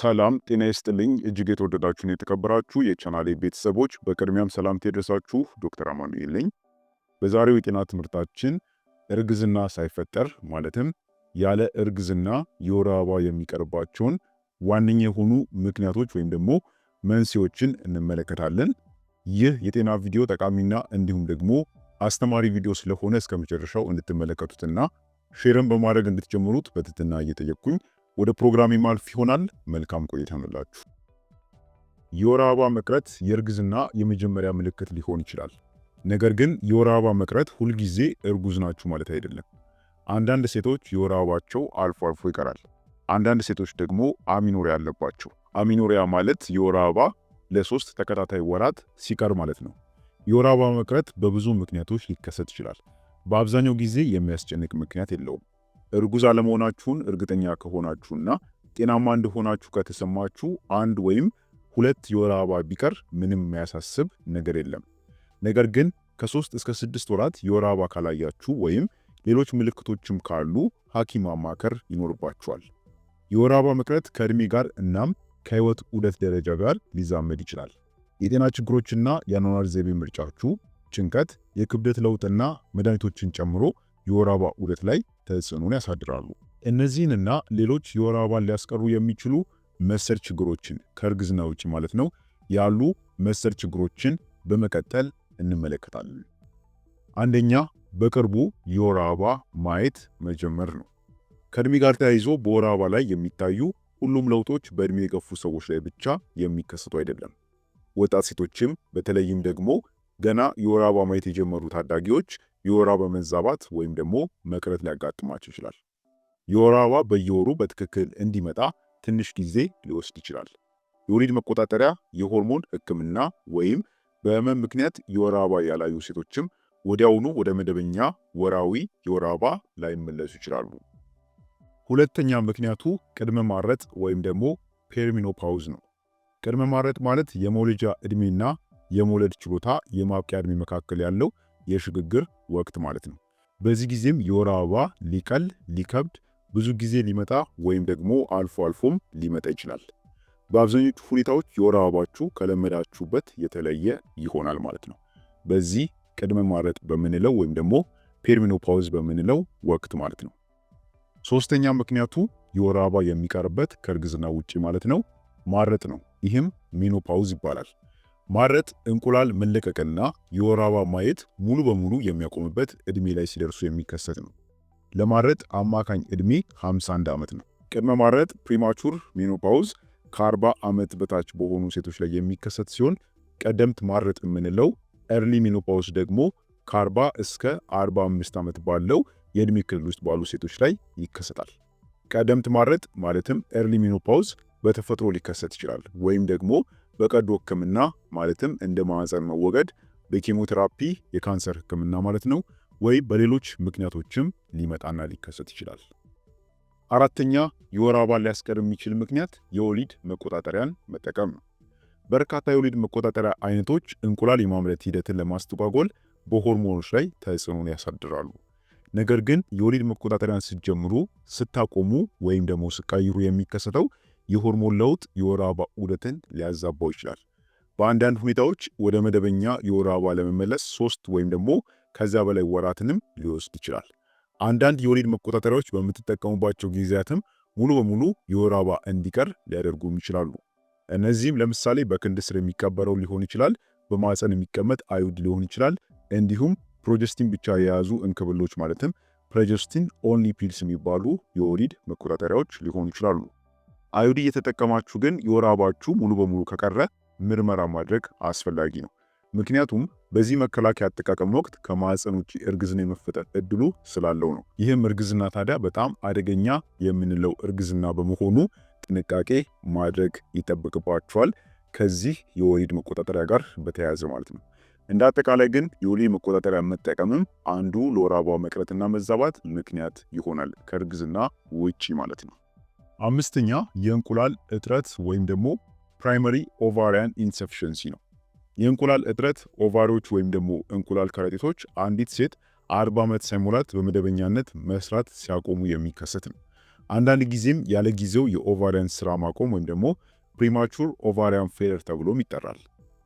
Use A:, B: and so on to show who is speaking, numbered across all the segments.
A: ሰላም ጤና ይስጥልኝ እጅግ የተወደዳችሁን የተከበራችሁ የቻናሌ ቤተሰቦች፣ በቅድሚያም ሰላም ይድረሳችሁ። ዶክተር አማኑኤል ነኝ። በዛሬው የጤና ትምህርታችን እርግዝና ሳይፈጠር ማለትም ያለ እርግዝና የወር አበባ የሚቀርባቸውን ዋነኛ የሆኑ ምክንያቶች ወይም ደግሞ መንስኤዎችን እንመለከታለን። ይህ የጤና ቪዲዮ ጠቃሚና እንዲሁም ደግሞ አስተማሪ ቪዲዮ ስለሆነ እስከ መጨረሻው እንድትመለከቱትና ሼርን በማድረግ እንድትጀምሩት በትህትና እየጠየቅኩኝ ወደ ፕሮግራም ማልፍ ይሆናል። መልካም ቆይታ ምላችሁ። የወር አበባ መቅረት የእርግዝና የመጀመሪያ ምልክት ሊሆን ይችላል። ነገር ግን የወር አበባ መቅረት ሁልጊዜ እርጉዝ ናችሁ ማለት አይደለም። አንዳንድ ሴቶች የወር አበባቸው አልፎ አልፎ ይቀራል። አንዳንድ ሴቶች ደግሞ አሚኖሪያ አለባቸው። አሚኖሪያ ማለት የወር አበባ ለሶስት ተከታታይ ወራት ሲቀር ማለት ነው። የወር አበባ መቅረት በብዙ ምክንያቶች ሊከሰት ይችላል። በአብዛኛው ጊዜ የሚያስጨንቅ ምክንያት የለውም። እርጉዝ አለመሆናችሁን እርግጠኛ ከሆናችሁና ጤናማ እንደሆናችሁ ከተሰማችሁ አንድ ወይም ሁለት የወር አበባ ቢቀር ምንም የሚያሳስብ ነገር የለም። ነገር ግን ከሶስት እስከ ስድስት ወራት የወር አበባ ካላያችሁ ወይም ሌሎች ምልክቶችም ካሉ ሐኪም ማማከር ይኖርባችኋል። የወር አበባ መቅረት ከእድሜ ጋር እናም ከህይወት ዑደት ደረጃ ጋር ሊዛመድ ይችላል። የጤና ችግሮችና የአኗኗር ዘይቤ ምርጫችሁ፣ ጭንቀት፣ የክብደት ለውጥና መድኃኒቶችን ጨምሮ የወር አበባ ዑደት ላይ ተጽዕኖን ያሳድራሉ። እነዚህንና ሌሎች የወር አበባን ሊያስቀሩ የሚችሉ መሰል ችግሮችን ከእርግዝና ውጭ ማለት ነው ያሉ መሰል ችግሮችን በመቀጠል እንመለከታለን። አንደኛ በቅርቡ የወር አበባ ማየት መጀመር ነው። ከእድሜ ጋር ተያይዞ በወር አበባ ላይ የሚታዩ ሁሉም ለውጦች በእድሜ የገፉ ሰዎች ላይ ብቻ የሚከሰቱ አይደለም። ወጣት ሴቶችም በተለይም ደግሞ ገና የወር አበባ ማየት የጀመሩ ታዳጊዎች የወር አበባ መዛባት ወይም ደግሞ መቅረት ሊያጋጥማቸው ይችላል። የወር አበባ በየወሩ በትክክል እንዲመጣ ትንሽ ጊዜ ሊወስድ ይችላል። የወሊድ መቆጣጠሪያ የሆርሞን ህክምና ወይም በህመም ምክንያት የወር አበባ ያላዩ ሴቶችም ወዲያውኑ ወደ መደበኛ ወራዊ የወር አበባ ላይመለሱ ይችላሉ። ሁለተኛ ምክንያቱ ቅድመ ማረጥ ወይም ደግሞ ፔርሚኖፓውዝ ነው። ቅድመ ማረጥ ማለት የመውለጃ ዕድሜና የመውለድ ችሎታ የማብቂያ ዕድሜ መካከል ያለው የሽግግር ወቅት ማለት ነው። በዚህ ጊዜም የወር አበባ ሊቀል ሊከብድ ብዙ ጊዜ ሊመጣ ወይም ደግሞ አልፎ አልፎም ሊመጣ ይችላል። በአብዛኞቹ ሁኔታዎች የወር አበባችሁ ከለመዳችሁበት የተለየ ይሆናል ማለት ነው። በዚህ ቅድመ ማረጥ በምንለው ወይም ደግሞ ፔርሚኖፓውዝ በምንለው ወቅት ማለት ነው። ሶስተኛ ምክንያቱ የወር አበባ የሚቀርበት ከእርግዝና ውጪ ማለት ነው ማረጥ ነው። ይህም ሚኖፓውዝ ይባላል። ማረጥ እንቁላል መለቀቅና የወር አበባ ማየት ሙሉ በሙሉ የሚያቆምበት እድሜ ላይ ሲደርሱ የሚከሰት ነው። ለማረጥ አማካኝ እድሜ 51 ዓመት ነው። ቅድመ ማረጥ ፕሪማቹር ሜኖፓውዝ ከ40 ዓመት በታች በሆኑ ሴቶች ላይ የሚከሰት ሲሆን ቀደምት ማረጥ የምንለው ኤርሊ ሜኖፓውዝ ደግሞ ከ40 እስከ 45 ዓመት ባለው የእድሜ ክልል ውስጥ ባሉ ሴቶች ላይ ይከሰታል። ቀደምት ማረጥ ማለትም ኤርሊ ሜኖፓውዝ በተፈጥሮ ሊከሰት ይችላል ወይም ደግሞ በቀዶ ህክምና ማለትም እንደ ማህፀን መወገድ፣ በኬሞቴራፒ የካንሰር ህክምና ማለት ነው፣ ወይም በሌሎች ምክንያቶችም ሊመጣና ሊከሰት ይችላል። አራተኛ የወር አበባ ሊያስቀር የሚችል ምክንያት የወሊድ መቆጣጠሪያን መጠቀም ነው። በርካታ የወሊድ መቆጣጠሪያ አይነቶች እንቁላል የማምረት ሂደትን ለማስተጓጎል በሆርሞኖች ላይ ተጽዕኖን ያሳድራሉ። ነገር ግን የወሊድ መቆጣጠሪያን ስትጀምሩ፣ ስታቆሙ ወይም ደግሞ ስቃይሩ የሚከሰተው የሆርሞን ለውጥ የወር አበባ ዑደትን ሊያዛባው ይችላል። በአንዳንድ ሁኔታዎች ወደ መደበኛ የወር አበባ ለመመለስ ሶስት ወይም ደግሞ ከዛ በላይ ወራትንም ሊወስድ ይችላል። አንዳንድ የወሊድ መቆጣጠሪያዎች በምትጠቀሙባቸው ጊዜያትም ሙሉ በሙሉ የወር አበባ እንዲቀር ሊያደርጉም ይችላሉ። እነዚህም ለምሳሌ በክንድ ስር የሚቀበረው ሊሆን ይችላል፣ በማፀን የሚቀመጥ አይውድ ሊሆን ይችላል፣ እንዲሁም ፕሮጀስቲን ብቻ የያዙ እንክብሎች ማለትም ፕሮጀስቲን ኦንሊ ፒልስ የሚባሉ የወሊድ መቆጣጠሪያዎች ሊሆኑ ይችላሉ። አዮዲ እየተጠቀማችሁ ግን የወር አበባችሁ ሙሉ በሙሉ ከቀረ ምርመራ ማድረግ አስፈላጊ ነው። ምክንያቱም በዚህ መከላከያ አጠቃቀም ወቅት ከማዕፀን ውጭ እርግዝና የመፈጠር እድሉ ስላለው ነው። ይህም እርግዝና ታዲያ በጣም አደገኛ የምንለው እርግዝና በመሆኑ ጥንቃቄ ማድረግ ይጠበቅባቸዋል። ከዚህ የወሊድ መቆጣጠሪያ ጋር በተያያዘ ማለት ነው። እንደ አጠቃላይ ግን የወሊድ መቆጣጠሪያ መጠቀምም አንዱ ለወር አበባ መቅረትና መዛባት ምክንያት ይሆናል፣ ከእርግዝና ውጪ ማለት ነው። አምስተኛ የእንቁላል እጥረት ወይም ደግሞ ፕራይመሪ ኦቫሪያን ኢንሰፊሸንሲ ነው። የእንቁላል እጥረት ኦቫሪዎች ወይም ደግሞ እንቁላል ከረጢቶች አንዲት ሴት አርባ ዓመት ሳይሞላት በመደበኛነት መስራት ሲያቆሙ የሚከሰት ነው። አንዳንድ ጊዜም ያለ ጊዜው የኦቫሪያን ስራ ማቆም ወይም ደግሞ ፕሪማቹር ኦቫሪያን ፌለር ተብሎም ይጠራል።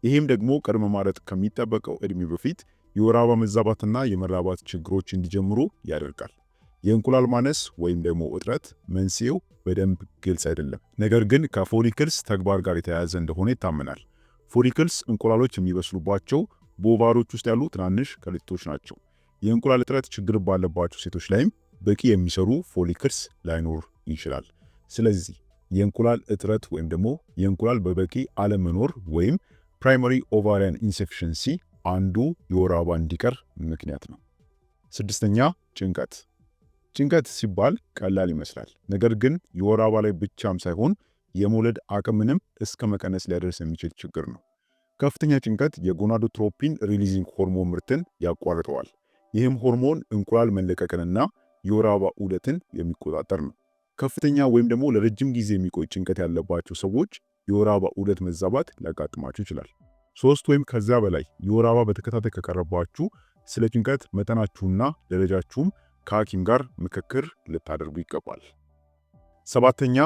A: ይህም ደግሞ ቅድመ ማለት ከሚጠበቀው እድሜ በፊት የወር አበባ መዛባትና የመራባት ችግሮች እንዲጀምሩ ያደርጋል። የእንቁላል ማነስ ወይም ደግሞ እጥረት መንስኤው በደንብ ግልጽ አይደለም፣ ነገር ግን ከፎሊክልስ ተግባር ጋር የተያያዘ እንደሆነ ይታመናል። ፎሊክልስ እንቁላሎች የሚበስሉባቸው በኦቫሪዎች ውስጥ ያሉ ትናንሽ ከረጢቶች ናቸው። የእንቁላል እጥረት ችግር ባለባቸው ሴቶች ላይም በቂ የሚሰሩ ፎሊክልስ ላይኖር ይችላል። ስለዚህ የእንቁላል እጥረት ወይም ደግሞ የእንቁላል በበቂ አለመኖር ወይም ፕራይመሪ ኦቫሪያን ኢንሰፊሽንሲ አንዱ የወር አበባ እንዲቀር ምክንያት ነው። ስድስተኛ ጭንቀት ጭንቀት ሲባል ቀላል ይመስላል። ነገር ግን የወር አበባ ላይ ብቻም ሳይሆን የመውለድ አቅምንም እስከ መቀነስ ሊያደርስ የሚችል ችግር ነው። ከፍተኛ ጭንቀት የጎናዶትሮፒን ሪሊዚንግ ሆርሞን ምርትን ያቋርጠዋል። ይህም ሆርሞን እንቁላል መለቀቅንና የወር አበባ ዑደትን የሚቆጣጠር ነው። ከፍተኛ ወይም ደግሞ ለረጅም ጊዜ የሚቆይ ጭንቀት ያለባቸው ሰዎች የወር አበባ ዑደት መዛባት ሊያጋጥማቸው ይችላል። ሶስት ወይም ከዛ በላይ የወር አበባ በተከታታይ ከቀረባችሁ ስለ ጭንቀት መጠናችሁና ደረጃችሁም ከሐኪም ጋር ምክክር ልታደርጉ ይገባል። ሰባተኛ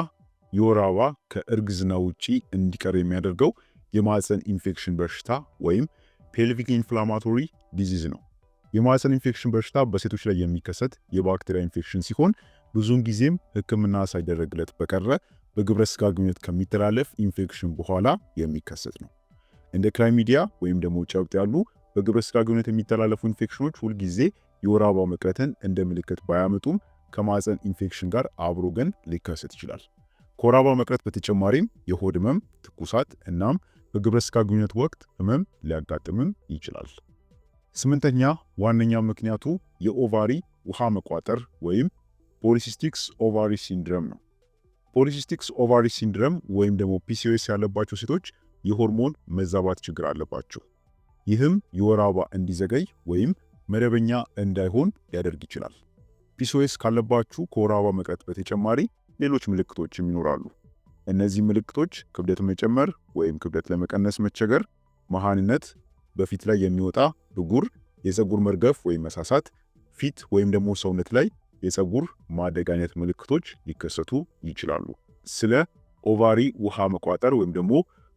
A: የወር አበባ ከእርግዝና ውጪ እንዲቀር የሚያደርገው የማህፀን ኢንፌክሽን በሽታ ወይም ፔልቪክ ኢንፍላማቶሪ ዲዚዝ ነው። የማህፀን ኢንፌክሽን በሽታ በሴቶች ላይ የሚከሰት የባክቴሪያ ኢንፌክሽን ሲሆን ብዙውን ጊዜም ሕክምና ሳይደረግለት በቀረ በግብረ ስጋ ግንኙነት ከሚተላለፍ ኢንፌክሽን በኋላ የሚከሰት ነው። እንደ ክላይሚዲያ ወይም ደግሞ ጨብጥ ያሉ በግብረ ስጋ ግንኙነት የሚተላለፉ ኢንፌክሽኖች ሁልጊዜ የወር አበባ መቅረትን እንደ ምልክት ባያመጡም ከማህፀን ኢንፌክሽን ጋር አብሮ ግን ሊከሰት ይችላል። ከወር አበባ መቅረት በተጨማሪም የሆድ ህመም፣ ትኩሳት እናም በግብረ ስጋ ግንኙነት ወቅት ህመም ሊያጋጥምም ይችላል። ስምንተኛ ዋነኛ ምክንያቱ የኦቫሪ ውሃ መቋጠር ወይም ፖሊሲስቲክስ ኦቫሪ ሲንድረም ነው። ፖሊሲስቲክስ ኦቫሪ ሲንድረም ወይም ደግሞ ፒሲኦኤስ ያለባቸው ሴቶች የሆርሞን መዛባት ችግር አለባቸው። ይህም የወር አበባ እንዲዘገይ ወይም መደበኛ እንዳይሆን ሊያደርግ ይችላል። ፒሶኤስ ካለባችሁ ከወር አበባ መቅረት በተጨማሪ ሌሎች ምልክቶችም ይኖራሉ። እነዚህ ምልክቶች ክብደት መጨመር ወይም ክብደት ለመቀነስ መቸገር፣ መሃንነት፣ በፊት ላይ የሚወጣ ብጉር፣ የፀጉር መርገፍ ወይም መሳሳት፣ ፊት ወይም ደግሞ ሰውነት ላይ የፀጉር ማደግ አይነት ምልክቶች ሊከሰቱ ይችላሉ። ስለ ኦቫሪ ውሃ መቋጠር ወይም ደግሞ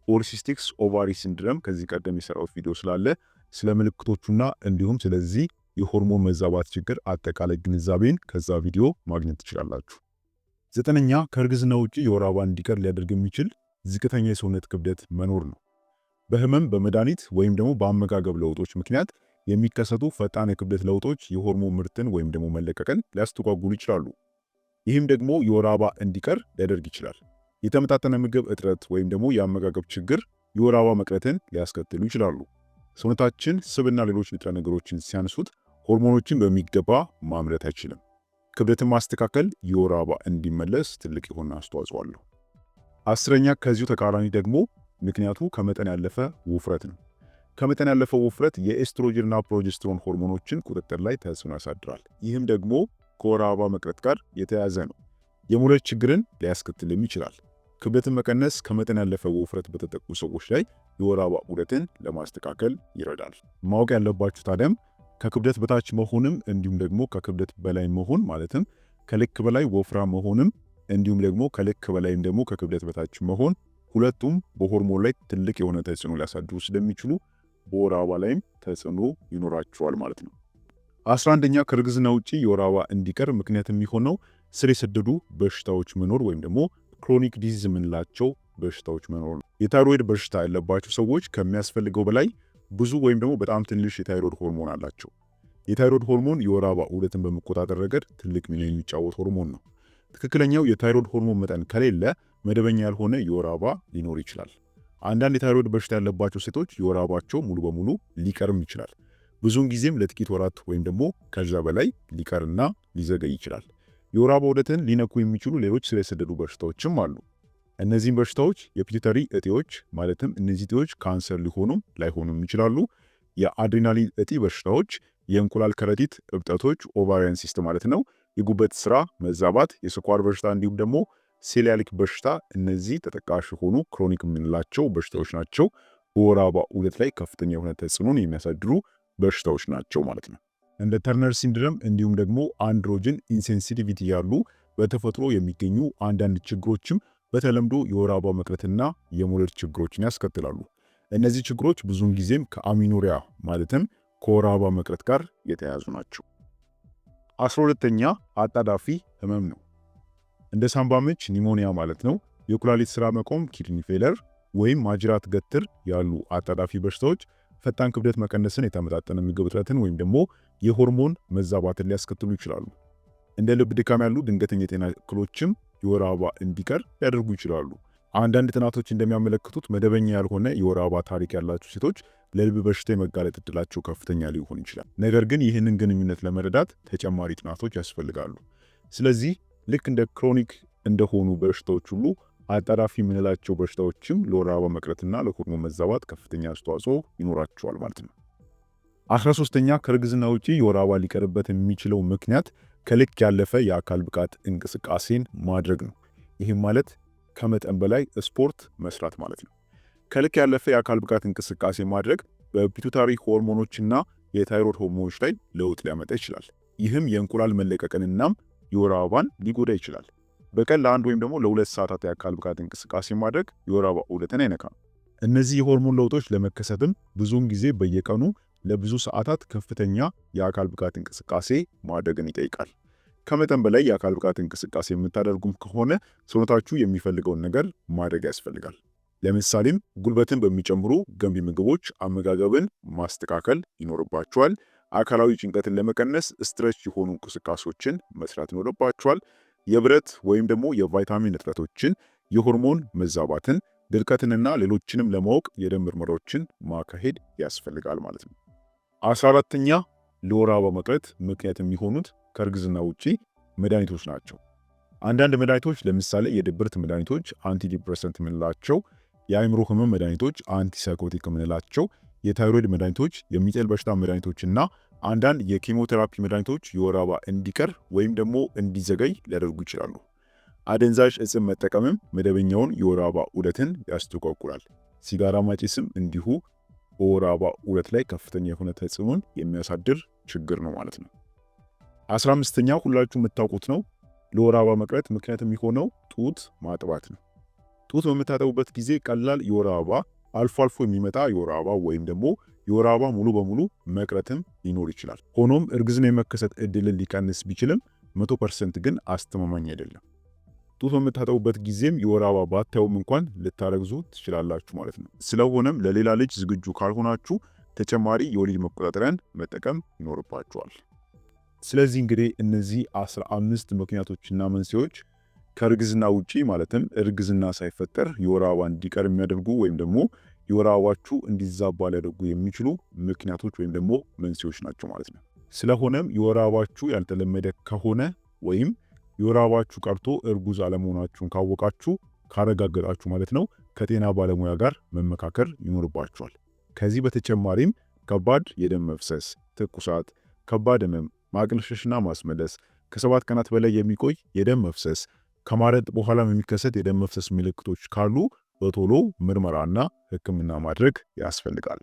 A: ፖሊሲስቲክስ ኦቫሪ ሲንድረም ከዚህ ቀደም የሰራሁት ቪዲዮ ስላለ ስለ ምልክቶቹና እንዲሁም ስለዚህ የሆርሞን መዛባት ችግር አጠቃላይ ግንዛቤን ከዛ ቪዲዮ ማግኘት ትችላላችሁ። ዘጠነኛ ከእርግዝና ውጪ የወር አበባ እንዲቀር ሊያደርግ የሚችል ዝቅተኛ የሰውነት ክብደት መኖር ነው። በህመም በመድኃኒት ወይም ደግሞ በአመጋገብ ለውጦች ምክንያት የሚከሰቱ ፈጣን የክብደት ለውጦች የሆርሞን ምርትን ወይም ደግሞ መለቀቅን ሊያስተጓጉሉ ይችላሉ። ይህም ደግሞ የወር አበባ እንዲቀር ሊያደርግ ይችላል። የተመጣጠነ ምግብ እጥረት ወይም ደግሞ የአመጋገብ ችግር የወር አበባ መቅረትን ሊያስከትሉ ይችላሉ። ሰውነታችን ስብና ሌሎች ንጥረ ነገሮችን ሲያንሱት ሆርሞኖችን በሚገባ ማምረት አይችልም። ክብደትን ማስተካከል የወር አበባ እንዲመለስ ትልቅ የሆነ አስተዋጽኦ አለው። አስረኛ ከዚሁ ተቃራኒ ደግሞ ምክንያቱ ከመጠን ያለፈ ውፍረት ነው። ከመጠን ያለፈ ውፍረት የኤስትሮጅንና ፕሮጀስትሮን ሆርሞኖችን ቁጥጥር ላይ ተጽዕኖ ያሳድራል። ይህም ደግሞ ከወር አበባ መቅረት ጋር የተያያዘ ነው። የሙለት ችግርን ሊያስከትልም ይችላል። ክብደትን መቀነስ ከመጠን ያለፈ ውፍረት በተጠቁ ሰዎች ላይ የወር አበባ ዑደትን ለማስተካከል ይረዳል። ማወቅ ያለባችሁ ታዲያም ከክብደት በታች መሆንም እንዲሁም ደግሞ ከክብደት በላይ መሆን ማለትም ከልክ በላይ ወፍራ መሆንም እንዲሁም ደግሞ ከልክ በላይም ደግሞ ከክብደት በታች መሆን ሁለቱም በሆርሞን ላይ ትልቅ የሆነ ተጽዕኖ ሊያሳድሩ ስለሚችሉ በወር አበባ ላይም ተጽዕኖ ይኖራቸዋል ማለት ነው። አስራ አንደኛ ከእርግዝና ውጪ የወር አበባ እንዲቀር ምክንያት የሚሆነው ስር የሰደዱ በሽታዎች መኖር ወይም ደግሞ ክሮኒክ ዲዚዝ የምንላቸው በሽታዎች መኖር ነው። የታይሮይድ በሽታ ያለባቸው ሰዎች ከሚያስፈልገው በላይ ብዙ ወይም ደግሞ በጣም ትንሽ የታይሮይድ ሆርሞን አላቸው። የታይሮይድ ሆርሞን የወር አበባ ዑደትን በመቆጣጠር ረገድ ትልቅ ሚና የሚጫወት ሆርሞን ነው። ትክክለኛው የታይሮይድ ሆርሞን መጠን ከሌለ መደበኛ ያልሆነ የወር አበባ ሊኖር ይችላል። አንዳንድ የታይሮይድ በሽታ ያለባቸው ሴቶች የወር አበባቸው ሙሉ በሙሉ ሊቀርም ይችላል። ብዙውን ጊዜም ለጥቂት ወራት ወይም ደግሞ ከዛ በላይ ሊቀርና ሊዘገይ ይችላል። የወር አበባ ዑደትን ሊነኩ የሚችሉ ሌሎች ስር የሰደዱ በሽታዎችም አሉ። እነዚህም በሽታዎች የፒቲተሪ እጢዎች ማለትም እነዚህ እጢዎች ካንሰር ሊሆኑም ላይሆኑም ይችላሉ። የአድሬናሊን እጢ በሽታዎች፣ የእንቁላል ከረጢት እብጠቶች ኦቫሪያን ሲስት ማለት ነው፣ የጉበት ስራ መዛባት፣ የስኳር በሽታ እንዲሁም ደግሞ ሴሊያሊክ በሽታ እነዚህ ተጠቃሽ የሆኑ ክሮኒክ የምንላቸው በሽታዎች ናቸው። በወር አበባ ዑደት ላይ ከፍተኛ የሆነ ተጽዕኖን የሚያሳድሩ በሽታዎች ናቸው ማለት ነው። እንደ ተርነር ሲንድረም እንዲሁም ደግሞ አንድሮጅን ኢንሴንሲቲቪቲ ያሉ በተፈጥሮ የሚገኙ አንዳንድ ችግሮችም በተለምዶ የወር አበባ መቅረትና የሞለድ ችግሮችን ያስከትላሉ። እነዚህ ችግሮች ብዙውን ጊዜም ከአሚኖሪያ ማለትም ከወር አበባ መቅረት ጋር የተያያዙ ናቸው። አስራ ሁለተኛ አጣዳፊ ህመም ነው። እንደ ሳምባ ምች ኒሞኒያ ማለት ነው፣ የኩላሊት ስራ መቆም ኪድኒ ፌለር ወይም ማጅራት ገትር ያሉ አጣዳፊ በሽታዎች ፈጣን ክብደት መቀነስን፣ የተመጣጠነ ምግብ እጥረትን ወይም ደግሞ የሆርሞን መዛባትን ሊያስከትሉ ይችላሉ። እንደ ልብ ድካም ያሉ ድንገተኛ የጤና እክሎችም የወር አበባ እንዲቀር ሊያደርጉ ይችላሉ። አንዳንድ ጥናቶች እንደሚያመለክቱት መደበኛ ያልሆነ የወር አበባ ታሪክ ያላቸው ሴቶች ለልብ በሽታ የመጋለጥ እድላቸው ከፍተኛ ሊሆን ይችላል። ነገር ግን ይህንን ግንኙነት ለመረዳት ተጨማሪ ጥናቶች ያስፈልጋሉ። ስለዚህ ልክ እንደ ክሮኒክ እንደሆኑ በሽታዎች ሁሉ አጣዳፊ የምንላቸው በሽታዎችም ለወር አበባ መቅረትና ለሆርሞን መዛባት ከፍተኛ አስተዋጽኦ ይኖራቸዋል ማለት ነው። አስራ ሶስተኛ ከእርግዝና ውጪ የወር አበባ ሊቀርበት የሚችለው ምክንያት ከልክ ያለፈ የአካል ብቃት እንቅስቃሴን ማድረግ ነው። ይህም ማለት ከመጠን በላይ ስፖርት መስራት ማለት ነው። ከልክ ያለፈ የአካል ብቃት እንቅስቃሴ ማድረግ በፒቱታሪ ሆርሞኖችና የታይሮድ ሆርሞኖች ላይ ለውጥ ሊያመጣ ይችላል። ይህም የእንቁላል መለቀቅንናም የወር አበባን ሊጎዳ ይችላል። በቀን ለአንድ ወይም ደግሞ ለሁለት ሰዓታት የአካል ብቃት እንቅስቃሴ ማድረግ የወር አበባ ዑደትን አይነካም። እነዚህ የሆርሞን ለውጦች ለመከሰትም ብዙውን ጊዜ በየቀኑ ለብዙ ሰዓታት ከፍተኛ የአካል ብቃት እንቅስቃሴ ማድረግን ይጠይቃል። ከመጠን በላይ የአካል ብቃት እንቅስቃሴ የምታደርጉም ከሆነ ሰውነታችሁ የሚፈልገውን ነገር ማድረግ ያስፈልጋል። ለምሳሌም ጉልበትን በሚጨምሩ ገንቢ ምግቦች አመጋገብን ማስተካከል ይኖርባችኋል። አካላዊ ጭንቀትን ለመቀነስ ስትረች የሆኑ እንቅስቃሴዎችን መስራት ይኖርባችኋል። የብረት ወይም ደግሞ የቫይታሚን እጥረቶችን፣ የሆርሞን መዛባትን፣ ድርቀትንና ሌሎችንም ለማወቅ የደም ምርመራዎችን ማካሄድ ያስፈልጋል ማለት ነው። አስራ አራተኛ ለወር አበባ መቅረት ምክንያት የሚሆኑት ከእርግዝና ውጪ መድኃኒቶች ናቸው። አንዳንድ መድኃኒቶች ለምሳሌ የድብርት መድኃኒቶች አንቲዲፕረሰንት የምንላቸው፣ የአይምሮ ህመም መድኃኒቶች አንቲሳይኮቲክ የምንላቸው፣ የታይሮይድ መድኃኒቶች፣ የሚጥል በሽታ መድኃኒቶችና አንዳንድ የኬሞቴራፒ መድኃኒቶች የወር አበባ እንዲቀር ወይም ደግሞ እንዲዘገይ ሊያደርጉ ይችላሉ። አደንዛዥ እጽም መጠቀምም መደበኛውን የወር አበባ ዑደትን ያስተጓጉላል። ሲጋራ ማጭስም እንዲሁ በወር አበባ ዑደት ላይ ከፍተኛ የሆነ ተጽዕኖን የሚያሳድር ችግር ነው ማለት ነው። አስራ አምስተኛው ሁላችሁ የምታውቁት ነው። ለወር አበባ መቅረት ምክንያት የሚሆነው ጡት ማጥባት ነው። ጡት በምታጠቡበት ጊዜ ቀላል የወር አበባ፣ አልፎ አልፎ የሚመጣ የወር አበባ ወይም ደግሞ የወር አበባ ሙሉ በሙሉ መቅረትም ሊኖር ይችላል። ሆኖም እርግዝና የመከሰት እድልን ሊቀንስ ቢችልም መቶ ፐርሰንት ግን አስተማማኝ አይደለም። ጡት በምታጠቡበት ጊዜም የወር አበባ ባታዩም እንኳን ልታረግዙ ትችላላችሁ ማለት ነው። ስለሆነም ለሌላ ልጅ ዝግጁ ካልሆናችሁ ተጨማሪ የወሊድ መቆጣጠሪያን መጠቀም ይኖርባችኋል። ስለዚህ እንግዲህ እነዚህ 15 ምክንያቶችና መንስኤዎች ከእርግዝና ውጪ ማለትም እርግዝና ሳይፈጠር የወር አበባ እንዲቀር የሚያደርጉ ወይም ደግሞ የወር አበባችሁ እንዲዛባ ሊያደርጉ የሚችሉ ምክንያቶች ወይም ደግሞ መንስኤዎች ናቸው ማለት ነው። ስለሆነም የወር አበባችሁ ያልተለመደ ከሆነ ወይም የወር ቀርቶ እርጉዝ አለመሆናችሁን ካወቃችሁ ካረጋገጣችሁ ማለት ነው ከጤና ባለሙያ ጋር መመካከር ይኖርባችኋል። ከዚህ በተጨማሪም ከባድ የደም መፍሰስ፣ ትኩሳት፣ ከባድ ህመም፣ ማቅለሽለሽና ማስመለስ፣ ከሰባት ቀናት በላይ የሚቆይ የደም መፍሰስ፣ ከማረጥ በኋላም የሚከሰት የደም መፍሰስ ምልክቶች ካሉ በቶሎ ምርመራና ሕክምና ማድረግ ያስፈልጋል።